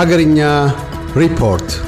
Hagarinya Report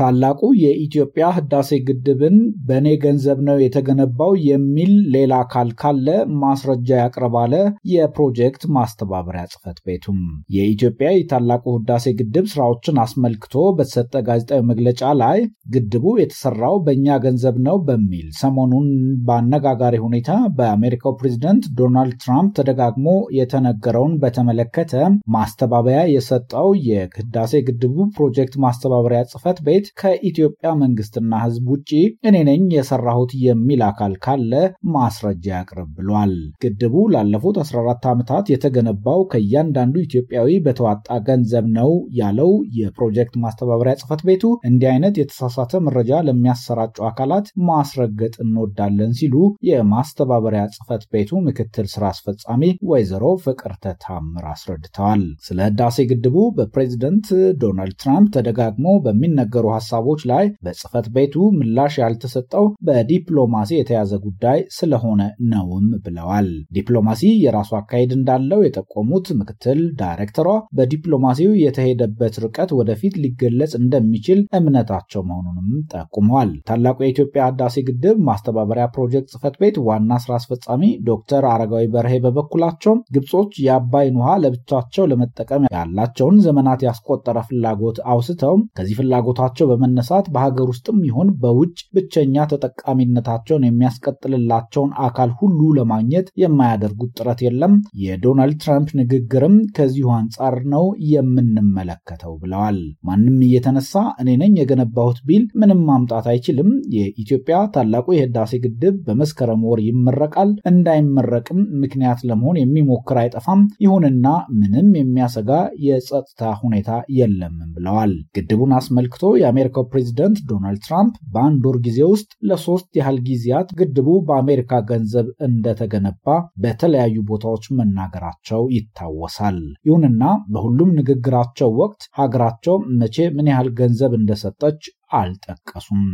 ታላቁ የኢትዮጵያ ህዳሴ ግድብን በእኔ ገንዘብ ነው የተገነባው የሚል ሌላ አካል ካለ ማስረጃ ያቅርባለ የፕሮጀክት ማስተባበሪያ ጽህፈት ቤቱም የኢትዮጵያ የታላቁ ህዳሴ ግድብ ስራዎችን አስመልክቶ በተሰጠ ጋዜጣዊ መግለጫ ላይ ግድቡ የተሰራው በእኛ ገንዘብ ነው በሚል ሰሞኑን በአነጋጋሪ ሁኔታ በአሜሪካው ፕሬዚደንት ዶናልድ ትራምፕ ተደጋግሞ የተነገረውን በተመለከተ ማስተባበያ የሰጠው የህዳሴ ግድቡ ፕሮጀክት ማስተባበሪያ ጽህፈት ቤት ድርጅት ከኢትዮጵያ መንግስትና ህዝብ ውጭ እኔ ነኝ የሰራሁት የሚል አካል ካለ ማስረጃ ያቅርብ ብሏል። ግድቡ ላለፉት 14 ዓመታት የተገነባው ከእያንዳንዱ ኢትዮጵያዊ በተዋጣ ገንዘብ ነው ያለው የፕሮጀክት ማስተባበሪያ ጽህፈት ቤቱ እንዲህ አይነት የተሳሳተ መረጃ ለሚያሰራጩ አካላት ማስረገጥ እንወዳለን ሲሉ የማስተባበሪያ ጽህፈት ቤቱ ምክትል ስራ አስፈጻሚ ወይዘሮ ፍቅርተ ታምር አስረድተዋል። ስለ ህዳሴ ግድቡ በፕሬዝደንት ዶናልድ ትራምፕ ተደጋግሞ በሚነገሩ ሀሳቦች ላይ በጽህፈት ቤቱ ምላሽ ያልተሰጠው በዲፕሎማሲ የተያዘ ጉዳይ ስለሆነ ነውም ብለዋል። ዲፕሎማሲ የራሱ አካሄድ እንዳለው የጠቆሙት ምክትል ዳይሬክተሯ በዲፕሎማሲው የተሄደበት ርቀት ወደፊት ሊገለጽ እንደሚችል እምነታቸው መሆኑንም ጠቁመዋል። ታላቁ የኢትዮጵያ ህዳሴ ግድብ ማስተባበሪያ ፕሮጀክት ጽህፈት ቤት ዋና ስራ አስፈጻሚ ዶክተር አረጋዊ በርሄ በበኩላቸው ግብጾች የአባይን ውሃ ለብቻቸው ለመጠቀም ያላቸውን ዘመናት ያስቆጠረ ፍላጎት አውስተው ከዚህ ፍላጎታቸው ከመሆናቸው በመነሳት በሀገር ውስጥም ይሁን በውጭ ብቸኛ ተጠቃሚነታቸውን የሚያስቀጥልላቸውን አካል ሁሉ ለማግኘት የማያደርጉት ጥረት የለም። የዶናልድ ትራምፕ ንግግርም ከዚሁ አንጻር ነው የምንመለከተው ብለዋል። ማንም እየተነሳ እኔ ነኝ የገነባሁት ቢል ምንም ማምጣት አይችልም። የኢትዮጵያ ታላቁ የህዳሴ ግድብ በመስከረም ወር ይመረቃል። እንዳይመረቅም ምክንያት ለመሆን የሚሞክር አይጠፋም። ይሁንና ምንም የሚያሰጋ የጸጥታ ሁኔታ የለም ብለዋል። ግድቡን አስመልክቶ የአሜሪካው ፕሬዚደንት ዶናልድ ትራምፕ በአንድ ወር ጊዜ ውስጥ ለሶስት ያህል ጊዜያት ግድቡ በአሜሪካ ገንዘብ እንደተገነባ በተለያዩ ቦታዎች መናገራቸው ይታወሳል። ይሁንና በሁሉም ንግግራቸው ወቅት ሀገራቸው መቼ ምን ያህል ገንዘብ እንደሰጠች አልጠቀሱም።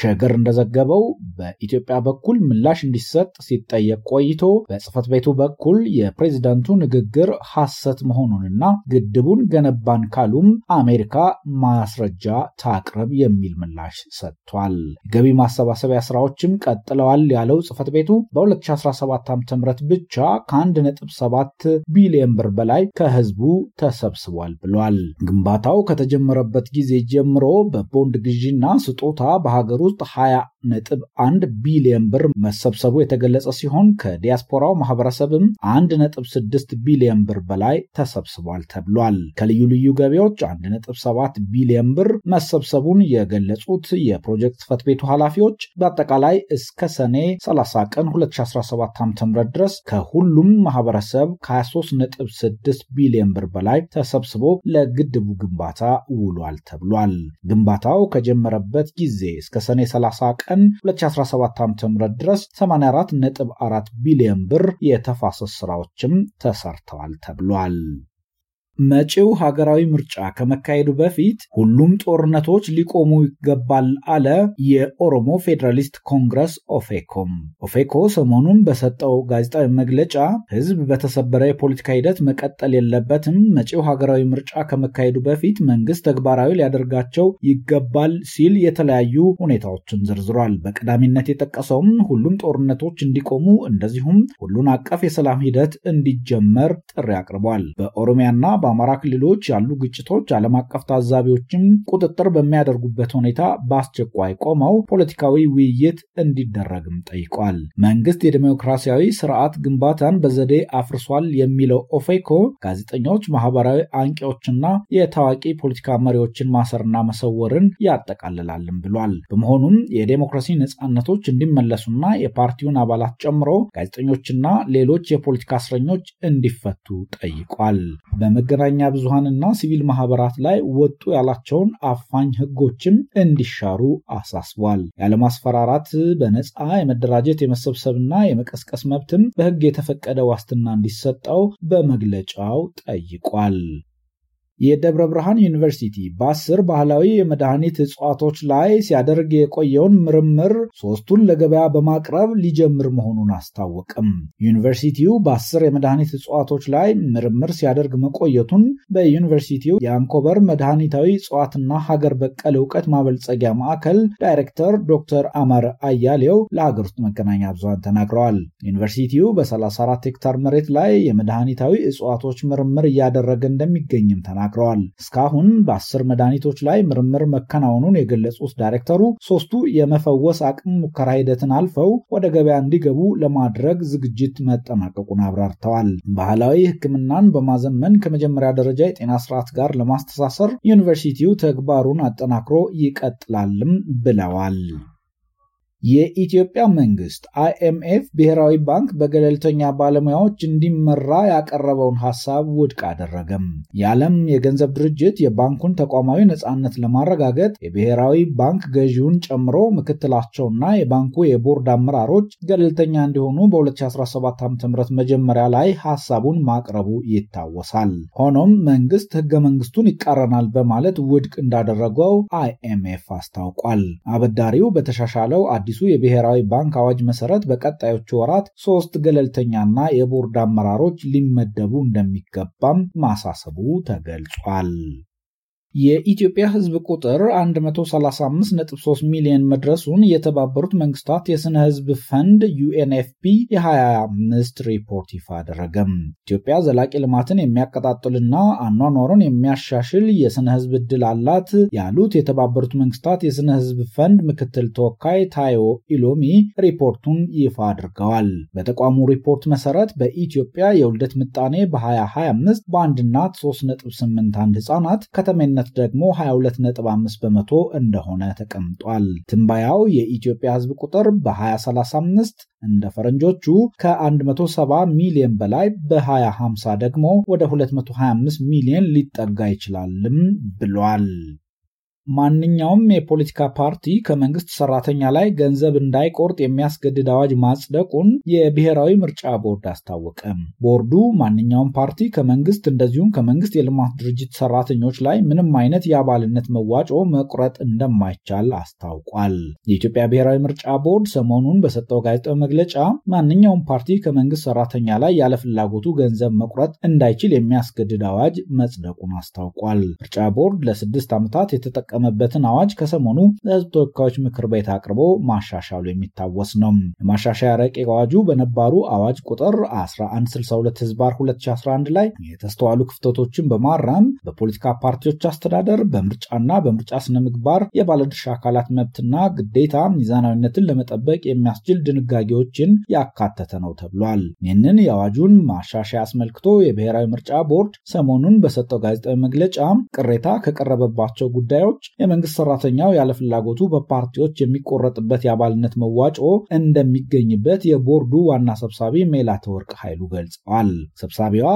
ሸገር እንደዘገበው በኢትዮጵያ በኩል ምላሽ እንዲሰጥ ሲጠየቅ ቆይቶ በጽህፈት ቤቱ በኩል የፕሬዝዳንቱ ንግግር ሐሰት መሆኑንና ግድቡን ገነባን ካሉም አሜሪካ ማስረጃ ታቅርብ የሚል ምላሽ ሰጥቷል። የገቢ ማሰባሰቢያ ስራዎችም ቀጥለዋል ያለው ጽህፈት ቤቱ በ2017 ዓ.ም ብቻ ከ1.7 ቢሊዮን ብር በላይ ከህዝቡ ተሰብስቧል ብሏል። ግንባታው ከተጀመረበት ጊዜ ጀምሮ በቦንድ ግዢ ግዢና ስጦታ በሀገር ውስጥ ነጥብ 1 ቢሊዮን ብር መሰብሰቡ የተገለጸ ሲሆን ከዲያስፖራው ማህበረሰብም ነጥብ 1.6 ቢሊዮን ብር በላይ ተሰብስቧል ተብሏል። ከልዩ ልዩ ገቢዎች 1.7 ቢሊዮን ብር መሰብሰቡን የገለጹት የፕሮጀክት ጽሕፈት ቤቱ ኃላፊዎች በአጠቃላይ እስከ ሰኔ 30 ቀን 2017 ዓ.ም ድረስ ከሁሉም ማህበረሰብ ከ 23 ነጥ6 ቢሊዮን ብር በላይ ተሰብስቦ ለግድቡ ግንባታ ውሏል ተብሏል። ግንባታው ከ በጀመረበት ጊዜ እስከ ሰኔ 30 ቀን 2017 ዓ.ም ድረስ 84.4 ቢሊዮን ብር የተፋሰስ ስራዎችም ተሰርተዋል ተብሏል። መጪው ሀገራዊ ምርጫ ከመካሄዱ በፊት ሁሉም ጦርነቶች ሊቆሙ ይገባል አለ የኦሮሞ ፌዴራሊስት ኮንግረስ ኦፌኮም። ኦፌኮ ሰሞኑን በሰጠው ጋዜጣዊ መግለጫ ህዝብ በተሰበረ የፖለቲካ ሂደት መቀጠል የለበትም፣ መጪው ሀገራዊ ምርጫ ከመካሄዱ በፊት መንግስት ተግባራዊ ሊያደርጋቸው ይገባል ሲል የተለያዩ ሁኔታዎችን ዘርዝሯል። በቀዳሚነት የጠቀሰውም ሁሉም ጦርነቶች እንዲቆሙ እንደዚሁም ሁሉን አቀፍ የሰላም ሂደት እንዲጀመር ጥሪ አቅርቧል። በኦሮሚያና በአማራ ክልሎች ያሉ ግጭቶች ዓለም አቀፍ ታዛቢዎችም ቁጥጥር በሚያደርጉበት ሁኔታ በአስቸኳይ ቆመው ፖለቲካዊ ውይይት እንዲደረግም ጠይቋል። መንግስት የዲሞክራሲያዊ ስርዓት ግንባታን በዘዴ አፍርሷል የሚለው ኦፌኮ ጋዜጠኞች፣ ማህበራዊ አንቂዎችና የታዋቂ ፖለቲካ መሪዎችን ማሰርና መሰወርን ያጠቃልላልም ብሏል። በመሆኑም የዴሞክራሲ ነጻነቶች እንዲመለሱና የፓርቲውን አባላት ጨምሮ ጋዜጠኞችና ሌሎች የፖለቲካ እስረኞች እንዲፈቱ ጠይቋል። በመገ መገናኛ ብዙሃንና ሲቪል ማህበራት ላይ ወጡ ያላቸውን አፋኝ ህጎችም እንዲሻሩ አሳስቧል። ያለማስፈራራት በነፃ የመደራጀት የመሰብሰብና የመቀስቀስ መብትም በህግ የተፈቀደ ዋስትና እንዲሰጠው በመግለጫው ጠይቋል። የደብረ ብርሃን ዩኒቨርሲቲ በአስር ባህላዊ የመድኃኒት እጽዋቶች ላይ ሲያደርግ የቆየውን ምርምር ሶስቱን ለገበያ በማቅረብ ሊጀምር መሆኑን አስታወቅም። ዩኒቨርሲቲው በአስር የመድኃኒት እጽዋቶች ላይ ምርምር ሲያደርግ መቆየቱን በዩኒቨርሲቲው የአንኮበር መድኃኒታዊ እጽዋትና ሀገር በቀል እውቀት ማበልጸጊያ ማዕከል ዳይሬክተር ዶክተር አማር አያሌው ለሀገር ውስጥ መገናኛ ብዙሃን ተናግረዋል። ዩኒቨርሲቲው በ34 ሄክታር መሬት ላይ የመድኃኒታዊ እጽዋቶች ምርምር እያደረገ እንደሚገኝም ተናግረዋል። ተናግረዋል። እስካሁን በአስር መድኃኒቶች ላይ ምርምር መከናወኑን የገለጹት ዳይሬክተሩ ሶስቱ የመፈወስ አቅም ሙከራ ሂደትን አልፈው ወደ ገበያ እንዲገቡ ለማድረግ ዝግጅት መጠናቀቁን አብራርተዋል። ባህላዊ ሕክምናን በማዘመን ከመጀመሪያ ደረጃ የጤና ስርዓት ጋር ለማስተሳሰር ዩኒቨርሲቲው ተግባሩን አጠናክሮ ይቀጥላልም ብለዋል። የኢትዮጵያ መንግስት አይኤምኤፍ ብሔራዊ ባንክ በገለልተኛ ባለሙያዎች እንዲመራ ያቀረበውን ሐሳብ ውድቅ አደረገም። የዓለም የገንዘብ ድርጅት የባንኩን ተቋማዊ ነፃነት ለማረጋገጥ የብሔራዊ ባንክ ገዢውን ጨምሮ ምክትላቸውና የባንኩ የቦርድ አመራሮች ገለልተኛ እንዲሆኑ በ2017 ዓ ም መጀመሪያ ላይ ሐሳቡን ማቅረቡ ይታወሳል። ሆኖም መንግስት ህገ መንግስቱን ይቃረናል በማለት ውድቅ እንዳደረገው አይኤምኤፍ አስታውቋል። አበዳሪው በተሻሻለው በአዲሱ የብሔራዊ ባንክ አዋጅ መሰረት በቀጣዮቹ ወራት ሶስት ገለልተኛና የቦርድ አመራሮች ሊመደቡ እንደሚገባም ማሳሰቡ ተገልጿል። የኢትዮጵያ ሕዝብ ቁጥር 135.3 ሚሊዮን መድረሱን የተባበሩት መንግስታት የስነ ሕዝብ ፈንድ ዩኤንኤፍፒ የ25 ሪፖርት ይፋ አደረገም። ኢትዮጵያ ዘላቂ ልማትን የሚያቀጣጥልና አኗኗሩን የሚያሻሽል የስነ ሕዝብ ዕድል አላት ያሉት የተባበሩት መንግስታት የስነ ሕዝብ ፈንድ ምክትል ተወካይ ታዮ ኢሎሚ ሪፖርቱን ይፋ አድርገዋል። በተቋሙ ሪፖርት መሰረት በኢትዮጵያ የውልደት ምጣኔ በ2025 በአንድ እናት 3.81 ህጻናት ከተሜና ተጠቃሚነት ደግሞ 22.5 በመቶ እንደሆነ ተቀምጧል። ትንባያው የኢትዮጵያ ህዝብ ቁጥር በ2035 እንደ ፈረንጆቹ ከ170 ሚሊዮን በላይ በ2050 ደግሞ ወደ 225 ሚሊዮን ሊጠጋ ይችላልም ብሏል። ማንኛውም የፖለቲካ ፓርቲ ከመንግስት ሰራተኛ ላይ ገንዘብ እንዳይቆርጥ የሚያስገድድ አዋጅ ማጽደቁን የብሔራዊ ምርጫ ቦርድ አስታወቀ። ቦርዱ ማንኛውም ፓርቲ ከመንግስት እንደዚሁም ከመንግስት የልማት ድርጅት ሰራተኞች ላይ ምንም አይነት የአባልነት መዋጮ መቁረጥ እንደማይቻል አስታውቋል። የኢትዮጵያ ብሔራዊ ምርጫ ቦርድ ሰሞኑን በሰጠው ጋዜጣዊ መግለጫ ማንኛውም ፓርቲ ከመንግስት ሰራተኛ ላይ ያለ ፍላጎቱ ገንዘብ መቁረጥ እንዳይችል የሚያስገድድ አዋጅ መጽደቁን አስታውቋል። ምርጫ ቦርድ ለስድስት ዓመታት የተጠቀ የተጠቀመበትን አዋጅ ከሰሞኑ ለህዝብ ተወካዮች ምክር ቤት አቅርቦ ማሻሻሉ የሚታወስ ነው። የማሻሻያ ረቂቅ አዋጁ በነባሩ አዋጅ ቁጥር 1162 ህዝባር 2011 ላይ የተስተዋሉ ክፍተቶችን በማረም በፖለቲካ ፓርቲዎች አስተዳደር፣ በምርጫና በምርጫ ስነ ምግባር የባለድርሻ አካላት መብትና ግዴታ ሚዛናዊነትን ለመጠበቅ የሚያስችል ድንጋጌዎችን ያካተተ ነው ተብሏል። ይህንን የአዋጁን ማሻሻያ አስመልክቶ የብሔራዊ ምርጫ ቦርድ ሰሞኑን በሰጠው ጋዜጣዊ መግለጫ ቅሬታ ከቀረበባቸው ጉዳዮች የመንግስት ሰራተኛው ያለ ፍላጎቱ በፓርቲዎች የሚቆረጥበት የአባልነት መዋጮ እንደሚገኝበት የቦርዱ ዋና ሰብሳቢ ሜላትወርቅ ኃይሉ ገልጸዋል። ሰብሳቢዋ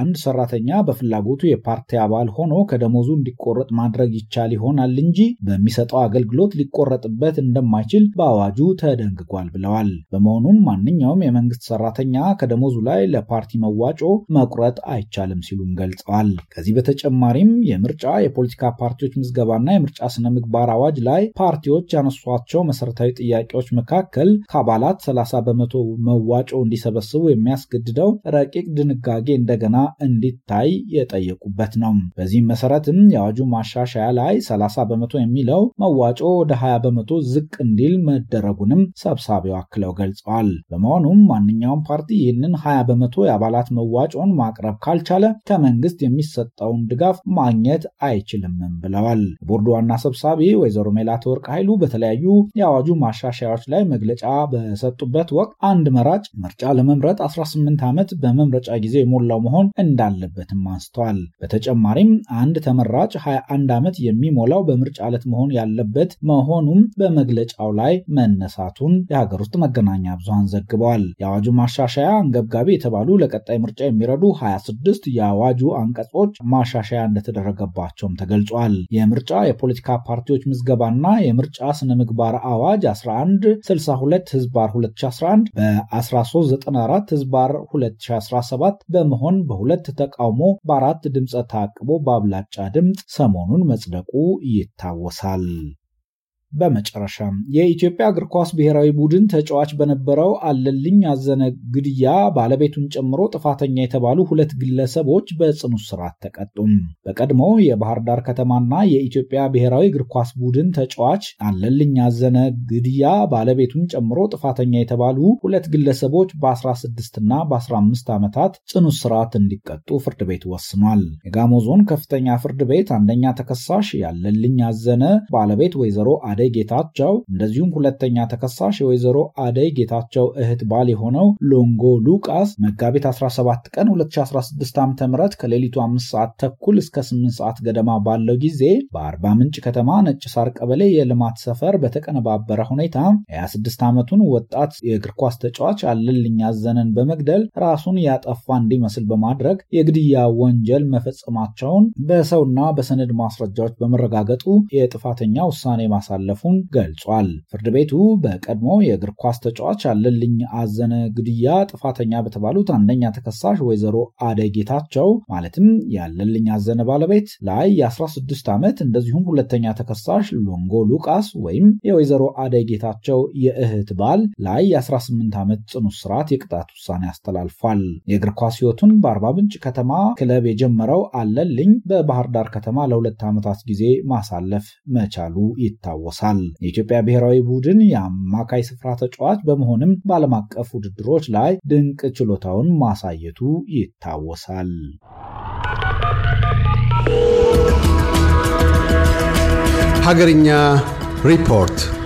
አንድ ሰራተኛ በፍላጎቱ የፓርቲ አባል ሆኖ ከደሞዙ እንዲቆረጥ ማድረግ ይቻል ይሆናል እንጂ በሚሰጠው አገልግሎት ሊቆረጥበት እንደማይችል በአዋጁ ተደንግጓል ብለዋል። በመሆኑም ማንኛውም የመንግስት ሰራተኛ ከደሞዙ ላይ ለፓርቲ መዋጮ መቁረጥ አይቻልም ሲሉም ገልጸዋል። ከዚህ በተጨማሪም የምርጫ የፖለቲካ ፓርቲዎች ምዝገባና የምርጫ ስነ ምግባር አዋጅ ላይ ፓርቲዎች ያነሷቸው መሰረታዊ ጥያቄዎች መካከል ከአባላት 30 በመቶ መዋጮ እንዲሰበስቡ የሚያስገድደው ረቂቅ ድንጋጌ እንደገና እንዲታይ የጠየቁበት ነው። በዚህም መሰረትም የአዋጁ ማሻሻያ ላይ 30 በመቶ የሚለው መዋጮ ወደ 20 በመቶ ዝቅ እንዲል መደረጉንም ሰብሳቢው አክለው ገልጸዋል። በመሆኑም ማንኛውም ፓርቲ ይህንን 20 በመቶ የአባላት መዋጮን ማቅረብ ካልቻለ ከመንግስት የሚሰጠውን ድጋፍ ማግኘት አይችልምም ብለዋል። የቦርዱ ዋና ሰብሳቢ ወይዘሮ ሜላትወርቅ ኃይሉ በተለያዩ የአዋጁ ማሻሻያዎች ላይ መግለጫ በሰጡበት ወቅት አንድ መራጭ ምርጫ ለመምረጥ 18 ዓመት በመምረጫ ጊዜ የሞላው መሆን እንዳለበትም አንስተዋል። በተጨማሪም አንድ ተመራጭ 21 ዓመት የሚሞላው በምርጫ ዕለት መሆን ያለበት መሆኑም በመግለጫው ላይ መነሳቱን የሀገር ውስጥ መገናኛ ብዙሃን ዘግበዋል። የአዋጁ ማሻሻያ አንገብጋቢ የተባሉ ለቀጣይ ምርጫ የሚረዱ 26 የአዋጁ አንቀጾች ማሻሻያ እንደተደረገባቸውም ተገልጿል። የምርጫ የፖለቲካ ፓርቲዎች ምዝገባና የምርጫ ስነ ምግባር አዋጅ 1162 ህዝባር 2011 በ1394 ህዝባር 2017 በመሆን በሁለት ተቃውሞ በአራት ድምፀ ታቅቦ በአብላጫ ድምፅ ሰሞኑን መጽደቁ ይታወሳል። በመጨረሻም የኢትዮጵያ እግር ኳስ ብሔራዊ ቡድን ተጫዋች በነበረው አለልኝ አዘነ ግድያ ባለቤቱን ጨምሮ ጥፋተኛ የተባሉ ሁለት ግለሰቦች በጽኑ እስራት ተቀጡም። በቀድሞ የባህር ዳር ከተማና የኢትዮጵያ ብሔራዊ እግር ኳስ ቡድን ተጫዋች አለልኝ አዘነ ግድያ ባለቤቱን ጨምሮ ጥፋተኛ የተባሉ ሁለት ግለሰቦች በ16 እና በ15 ዓመታት ጽኑ እስራት እንዲቀጡ ፍርድ ቤት ወስኗል። የጋሞ ዞን ከፍተኛ ፍርድ ቤት አንደኛ ተከሳሽ ያለልኝ አዘነ ባለቤት ወይዘሮ አደይ ጌታቸው እንደዚሁም ሁለተኛ ተከሳሽ የወይዘሮ አደይ ጌታቸው እህት ባል የሆነው ሎንጎ ሉቃስ መጋቢት 17 ቀን 2016 ዓ.ም ከሌሊቱ 5 ሰዓት ተኩል እስከ 8 ሰዓት ገደማ ባለው ጊዜ በአርባ ምንጭ ከተማ ነጭ ሳር ቀበሌ የልማት ሰፈር በተቀነባበረ ሁኔታ የ26 ዓመቱን ወጣት የእግር ኳስ ተጫዋች አለልኝ ያዘነን በመግደል ራሱን ያጠፋ እንዲመስል በማድረግ የግድያ ወንጀል መፈጸማቸውን በሰውና በሰነድ ማስረጃዎች በመረጋገጡ የጥፋተኛ ውሳኔ ማሳለፍ ማሳለፉን ገልጿል። ፍርድ ቤቱ በቀድሞ የእግር ኳስ ተጫዋች አለልኝ አዘነ ግድያ ጥፋተኛ በተባሉት አንደኛ ተከሳሽ ወይዘሮ አደይ ጌታቸው ማለትም ያለልኝ አዘነ ባለቤት ላይ የ16 ዓመት እንደዚሁም ሁለተኛ ተከሳሽ ሎንጎ ሉቃስ ወይም የወይዘሮ አደይ ጌታቸው የእህት ባል ላይ የ18 ዓመት ጽኑ እስራት የቅጣት ውሳኔ አስተላልፏል። የእግር ኳስ ህይወቱን በአርባ ምንጭ ከተማ ክለብ የጀመረው አለልኝ በባህር ዳር ከተማ ለሁለት ዓመታት ጊዜ ማሳለፍ መቻሉ ይታወሳል። ይጠቀሳል። የኢትዮጵያ ብሔራዊ ቡድን የአማካይ ስፍራ ተጫዋች በመሆንም በዓለም አቀፍ ውድድሮች ላይ ድንቅ ችሎታውን ማሳየቱ ይታወሳል። ሀገርኛ ሪፖርት